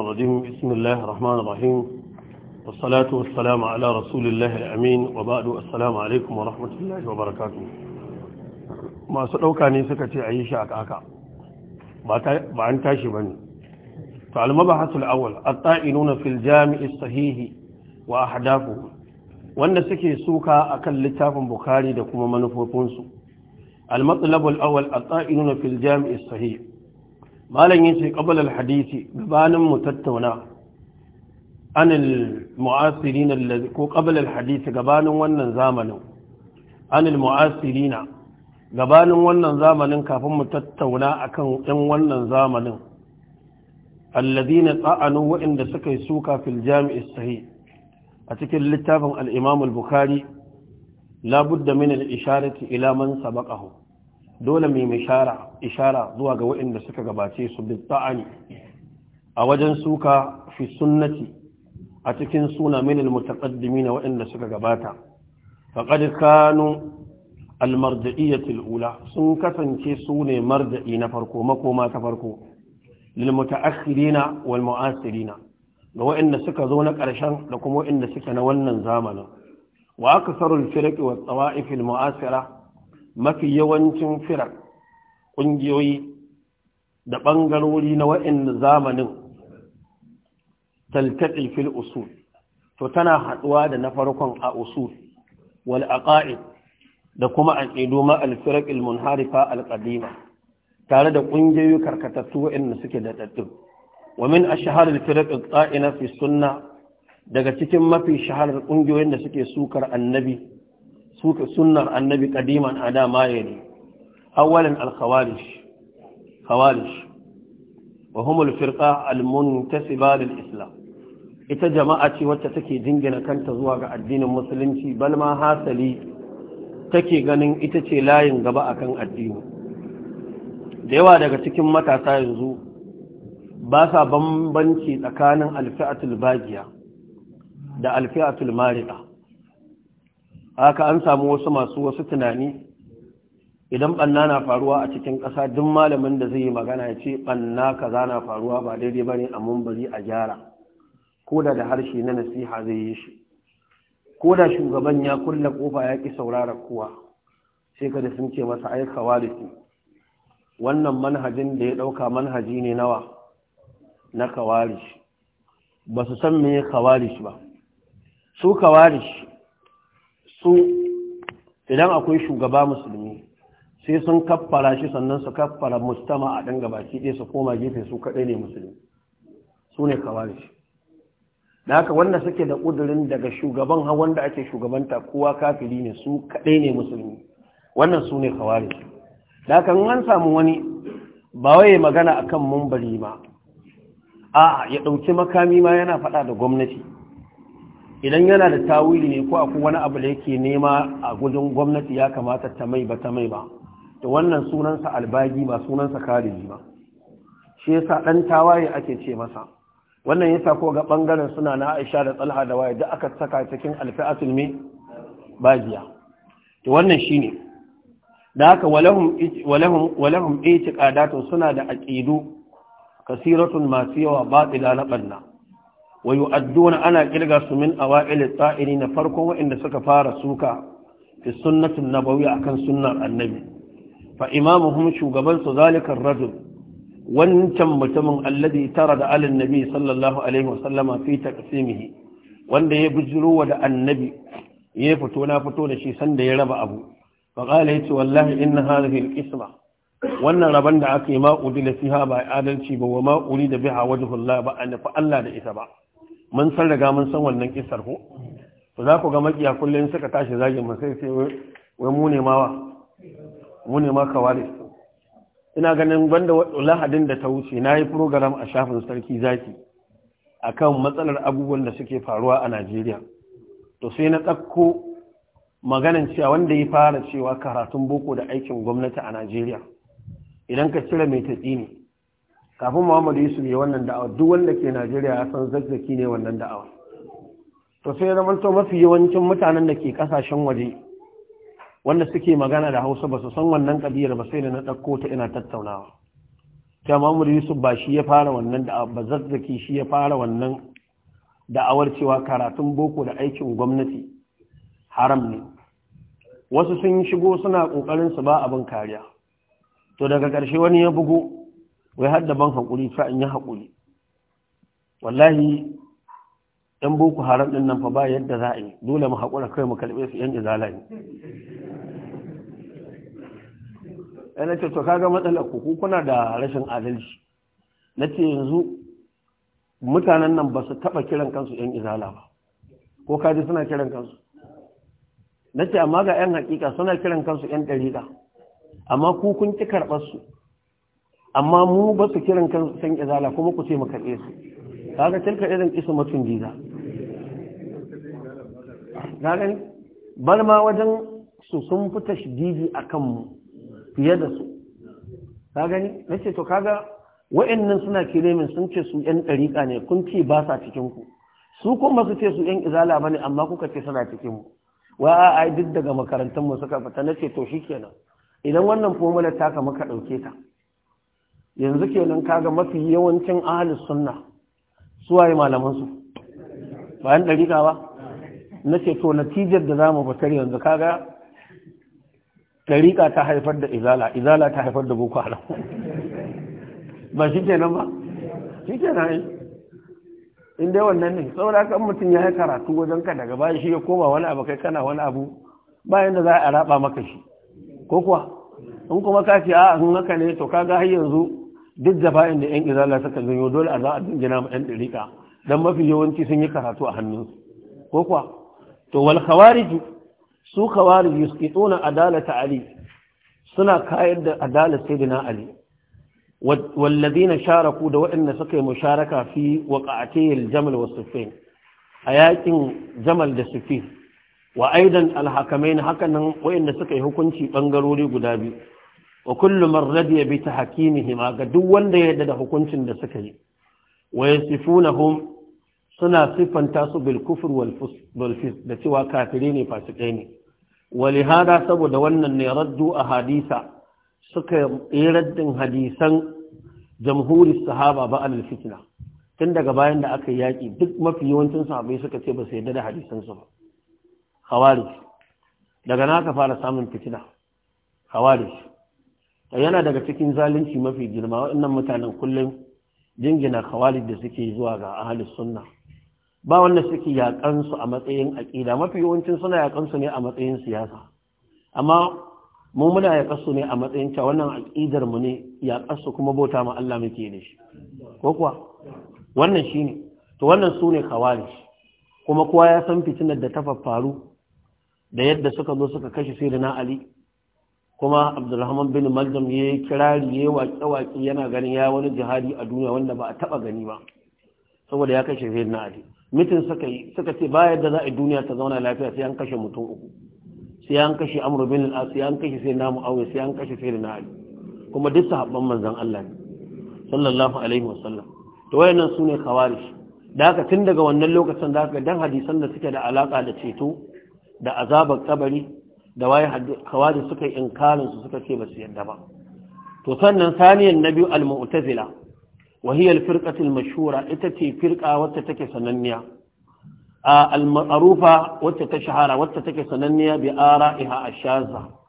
الرجيم بسم الله الرحمن الرحيم والصلاة والسلام على رسول الله الأمين وبعد السلام عليكم ورحمة الله وبركاته ما سألوك أني سكتي عيشة أكاكا بأن تاشي بني فالمبحث الأول الطائنون في الجامع الصحيح وأحدافه وأن سكي سوكا أكل لتاف بخاري دكما منفوفونسو المطلب الأول الطائنون في الجامع الصحيح malam yace qabla al-hadisi gabanin mu tattauna an al-mu'asirin allazi ko qabla al-hadisi gabanin wannan zamanin an al-mu'asirina gabanin wannan zamanin kafin mu tattauna akan ɗan wannan zamanin alladhina tsa'anu wa'inda suka yi suka fil jami'is sahih a cikin littafin al-imam al-bukhari labudda min al-isharati ila man sabaqahu dole mai mishara ishara zuwa ga waɗanda suka gabace su bi ta'ani a wajen suka fi sunnati a cikin suna min na waɗanda suka gabata faqad kanu almarji'iyyati alula sun kasance su ne marji'i na farko makoma ta farko lil mutaakhirina wal mu'asirina ga waɗanda suka zo na ƙarshen da kuma waɗanda suka na wannan zamanin wa aktharul firqi wat tsawa'ifil mu'asira mafi yawancin firar ƙungiyoyi da ɓangarori na wa'in zamanin taltaɗi fil usul to tana haɗuwa da na farkon a usul wal aqaid da kuma aqidu ma al firq al munharifa al tare da ƙungiyoyi karkatattu wa'in suke da daddin wa a ashhar al firq fi sunna daga cikin mafi shaharar ƙungiyoyin da suke sukar annabi suka sunnar annabi kadiman a da maye ne awalin al khawarish wa humul firqa almuntasiba lil islam ita jama'a ce wacce take jingina kanta zuwa ga addinin musulunci bal ma hasali take ganin ita ce layin gaba akan addini da yawa daga cikin matasa yanzu ba sa bambanci tsakanin alfi'atul bagiya da alfi'atul maria haka an samu wasu masu wasu tunani idan ɓanna na faruwa a cikin ƙasa duk malamin da zai yi magana ya ce ɓanna kaza na faruwa ba daidai ba ne a mumbari a gyara ko da da harshe na nasiha zai yi shi ko da shugaban ya kulle kofa ya ƙi saurara kowa sai kada sun ce masa ai kawalisi wannan manhajin da ya ɗauka manhaji ne nawa na kawarish ba su san me kawarish ba su kawarish su idan akwai shugaba musulmi sai sun kaffara shi sannan su kaffara mustama a ɗan shi ɗaya su koma gefe su kaɗai ne musulmi su ne shi da haka wanda suke da ƙudurin daga shugaban har wanda ake shugabanta kowa kafiri ne su kaɗai ne musulmi wannan su ne shi da haka an samu wani ba waye magana akan mumbari ma a ya ɗauki makami ma yana faɗa da gwamnati idan yana da tawili ne ko akwai wani abu da yake nema a gudun gwamnati ya kamata ta mai ba ta mai ba da wannan sunansa albagi ba sunansa kariji ba shi yasa dan tawaye ake ce masa wannan yasa ko ga bangaren suna na Aisha da Talha da waye da aka saka cikin alfi'atul mi bajiya, to wannan shine da haka walahum walahum walahum itiqadatun suna da aqidu kasiratun masu yawa batila na banna wa yu'adduna ana kirga su min awa'il na farko waɗanda suka fara suka fi sunnatin nabawi akan sunnar annabi fa imamuhum shugaban su zalika rajul wancan mutumin alladhi tara da alin nabi sallallahu alaihi wasallama fi wanda ya bujiro da annabi ya fito na fito da shi sanda ya raba abu fa ya ce wallahi inna hadhihi Kisma. wannan rabon da aka yi ma udila fiha ba adalci ba wa ma urida biha hulla ba a nufa Allah da ita ba mun san riga mun san wannan kisar ko to za ku ga makiya kullum suka tashi zagin mu sai sai wai mu ne ma mu ne ma ina ganin banda lahadin da ta wuce na yi program a shafin sarki zaki akan matsalar abubuwan da suke faruwa a Najeriya to sai na tsakko maganan cewa wanda ya fara cewa karatun boko da aikin gwamnati a Najeriya idan ka cire mai tatsi ne kafin muhammadu yusuf ya wannan da'awa duk wanda ke najeriya ya san zazzaki ne wannan da'awa to sai zama to mafi yawancin mutanen da ke kasashen waje wanda suke magana da hausa ba su san wannan kabiyar ba sai da na ɗauko ta ina tattaunawa ta muhammadu yusuf ba shi ya fara wannan da'awa ba zazzaki shi ya fara wannan da'awar cewa karatun boko da aikin gwamnati haram ne wasu sun shigo suna ƙoƙarin su ba abin kariya to daga ƙarshe wani ya bugu wai har da ban haƙuri fa in yi haƙuri wallahi yan boko haram din nan fa ba yadda za a yi dole mu haƙura kai mu karɓe su yan izala ne ina ce to kaga matsalar ku kuna da rashin adalci na ce yanzu mutanen nan ba su taɓa kiran kansu yan izala ba ko kaji suna kiran kansu na ce amma ga yan hakika suna kiran kansu yan ɗariƙa amma ku kun ƙi karɓar su amma mu ba su kiran kan san izala kuma ku ce mu karbe su kaga tilka irin isu mutum jiza ka gani bar ma wajen su sun fita tashdidi a kanmu fiye da su ka gani nace to kaga wa'annan suna min sun ce su yan ɗariƙa ne kun ce ba sa cikin ku su kuma su ce su yan izala bane amma kuka ce suna cikin mu wa a duk daga makarantar mu suka fita nace to shi kenan. idan wannan formula taka maka ɗauke ta yanzu kenan kaga mafi yawancin ahalus sunna suwaye malaman su bayan dariƙa ba na ce to natijar da zamu fitar yanzu kaga dariƙa ta haifar da izala izala ta haifar da boko haram ba shi kenan ba shi kenan in dai wannan ne saboda kan mutum ya yi karatu wajen ka daga bayan shi ya koma wani abu kai kana wani abu bayan da za a raba maka shi ko kuwa in kuma ka ce a in haka ne to kaga har yanzu duk jafa'in da yan izala suka zanyo dole a za a dingina ma yan ɗariƙa don mafi yawanci sun yi karatu a hannunsu ko kuwa to wal khawariji su khawariji suke tsona adalata ali suna kayar da adalar sayyidina ali na sharaku da waɗanda suka yi musharaka fi waqa'atayil jamal wa sufin a yakin jamal da sufin wa aidan haka hakanan waɗanda suka yi hukunci bangarori guda biyu wa kullu man radiya bi tahkimihima ga duk wanda ya yarda da hukuncin da suka yi wa yasifunahum suna sifanta su bil kufr wal fusq da cewa kafire ne fasikai ne walihada saboda wannan ne raddu a hadisa suka yi raddin hadisan jamhuri sahaba ba al fitna tun daga bayan da aka yaki duk mafi yawancin sahabbai suka ce ba su yarda da hadisansu ba khawarij daga naka fara samun fitina khawarij yana daga cikin zalunci mafi girma waɗannan mutanen kullum jingina khawarij da suke zuwa ga ahli sunna ba wanda suke yakan su a matsayin aqida mafi yawancin suna yakan su ne a matsayin siyasa amma mu muna yakan su ne a matsayin ta wannan aqidar mu ne yakan su kuma bauta ma Allah muke da shi ko kuwa wannan shine to wannan sune khawarij kuma kowa ya san fitinar da ta faru da yadda suka zo suka kashe sayyidina Ali kuma abdulrahman bin maljam ya yi kirari ya yi waƙi yana ganin ya wani jihadi a duniya wanda ba a taɓa gani ba saboda ya kashe zai na ali mitin suka ce ba yadda za a duniya ta zauna lafiya sai an kashe mutum uku sai an kashe amru bin sai an kashe sai namu aure sai an kashe sai na ali kuma duk sahabban manzan Allah ne sallallahu alaihi wa sallam. to wayannan sune khawarij da haka tun daga wannan lokacin da haka dan hadisan da suke da alaka da ceto da azabar kabari da waye hawari suka yi inkarin su suka ce ba su yadda ba to sannan saniyan na biyu al-mu'tazila wa hiya al-firqatu al-mashhura ita ce firqa wacce take sananniya al-ma'rufa wacce ta shahara wacce take sananniya bi ara'iha ash-shazza